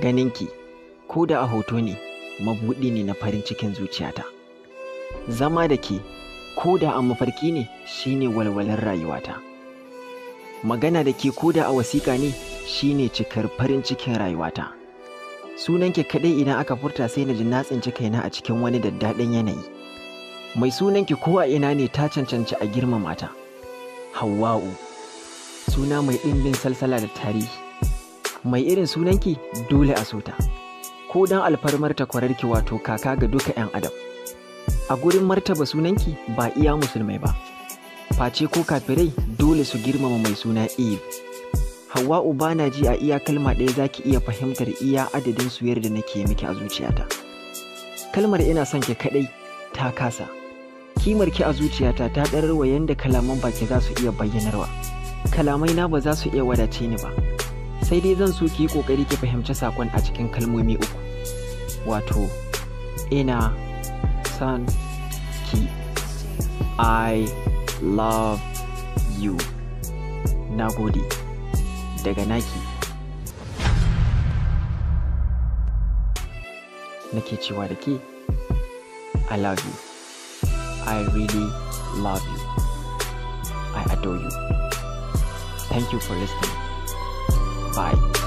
ganinki ko da a hoto ne mabuɗi ne na farin cikin zuciyata zama da ke ko da a mafarki ne shine walwalar rayuwata magana da ke ko da a wasiƙa ne shine cikar farin cikin rayuwata sunanki kaɗai idan aka furta sai na ji na tsinci kaina a cikin wani daddaɗin yanayi mai sunanki ko a ina ne ta cancanci a girmamata hawwa'u suna mai ɗimbin salsala da tarihi mai irin sunanki dole a sota ko dan alfarmar ta kwararki wato kaka ga duka 'yan adam a gurin martaba sunanki ba iya musulmai ba face ko kafirai dole su girmama mai suna eve hawa uba na ji a iya kalma ɗaya zaki iya fahimtar iya adadin suyar da nake miki a zuciyata kalmar ina son ki kaɗai ta kasa kimar ki a zuciyata ta ɗararwa yadda kalaman baki za su iya bayyanarwa kalamai na ba za su iya wadace ni ba sai dai zan so ki yi ƙoƙari ki fahimci sakon a cikin kalmomi uku wato ina son ki i love you na gode daga naki nake cewa da ke i love you i really love you i adore you thank you for listening Bye.